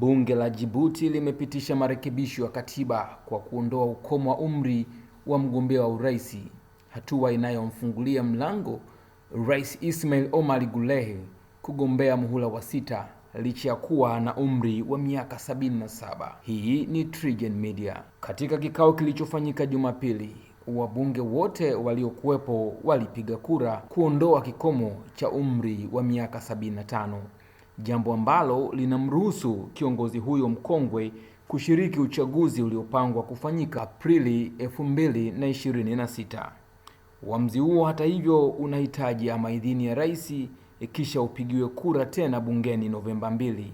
Bunge la Jibuti limepitisha marekebisho ya katiba kwa kuondoa ukomo wa umri wa mgombea wa urais, hatua inayomfungulia mlango Rais Ismail Omar Guelleh kugombea muhula wa sita licha ya kuwa na umri wa miaka 77. Hii ni Trigen Media. Katika kikao kilichofanyika Jumapili, wabunge wote waliokuwepo walipiga kura kuondoa kikomo cha umri wa miaka 75 jambo ambalo linamruhusu kiongozi huyo mkongwe kushiriki uchaguzi uliopangwa kufanyika Aprili 2026. Uamuzi huo hata hivyo unahitaji ama idhini ya rais, kisha upigiwe kura tena bungeni Novemba 2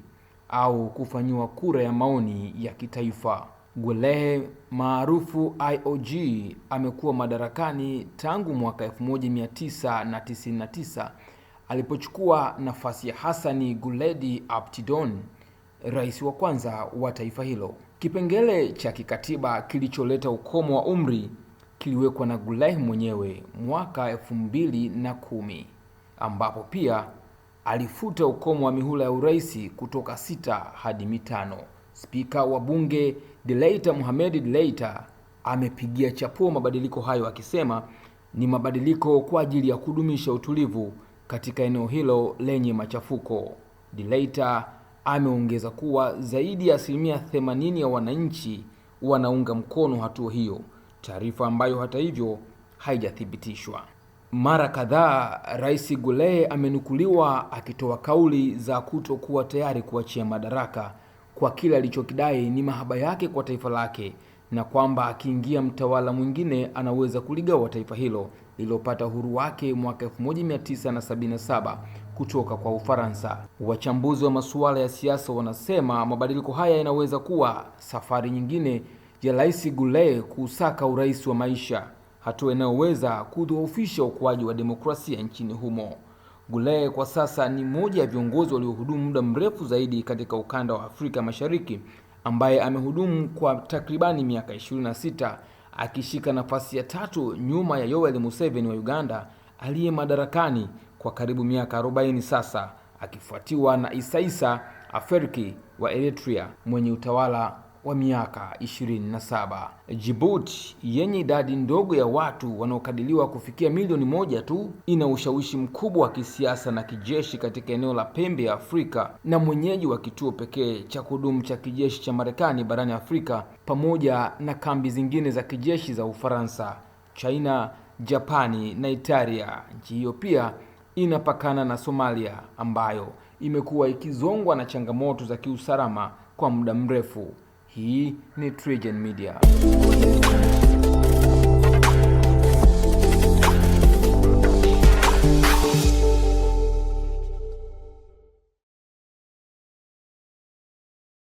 au kufanyiwa kura ya maoni ya kitaifa. Gwelehe maarufu IOG amekuwa madarakani tangu mwaka 1999 alipochukua nafasi ya Hassani Guledi Aptidon, rais wa kwanza wa taifa hilo. Kipengele cha kikatiba kilicholeta ukomo wa umri kiliwekwa na Gulai mwenyewe mwaka elfu mbili na kumi ambapo pia alifuta ukomo wa mihula ya urais kutoka sita hadi mitano. Spika wa bunge Delaita Mohamed Delaita amepigia chapuo mabadiliko hayo akisema ni mabadiliko kwa ajili ya kudumisha utulivu katika eneo hilo lenye machafuko. Dilater ameongeza kuwa zaidi ya asilimia 80 ya wananchi wanaunga mkono hatua hiyo, taarifa ambayo hata hivyo haijathibitishwa. Mara kadhaa Rais Gule amenukuliwa akitoa kauli za kutokuwa tayari kuachia madaraka kwa kile alichokidai ni mahaba yake kwa taifa lake na kwamba akiingia mtawala mwingine anaweza kuligawa taifa hilo lililopata uhuru wake mwaka 1977 kutoka kwa Ufaransa. Wachambuzi wa masuala ya siasa wanasema mabadiliko haya yanaweza kuwa safari nyingine ya Rais Gule kuusaka urais wa maisha, hatua inayoweza kudhoofisha ukuaji wa demokrasia nchini humo. Gule kwa sasa ni mmoja ya viongozi waliohudumu muda mrefu zaidi katika ukanda wa Afrika Mashariki ambaye amehudumu kwa takribani miaka 26 akishika nafasi ya tatu nyuma ya Yoweri Museveni wa Uganda aliye madarakani kwa karibu miaka 40 sasa, akifuatiwa na Isaisa Afwerki wa Eritrea mwenye utawala wa miaka 27. Djibouti yenye idadi ndogo ya watu wanaokadiriwa kufikia milioni moja tu ina ushawishi mkubwa wa kisiasa na kijeshi katika eneo la pembe ya Afrika na mwenyeji wa kituo pekee cha kudumu cha kijeshi cha Marekani barani Afrika pamoja na kambi zingine za kijeshi za Ufaransa, China, Japani na Italia. Nchi hiyo pia inapakana na Somalia ambayo imekuwa ikizongwa na changamoto za kiusalama kwa muda mrefu. Hii ni TriGen Media.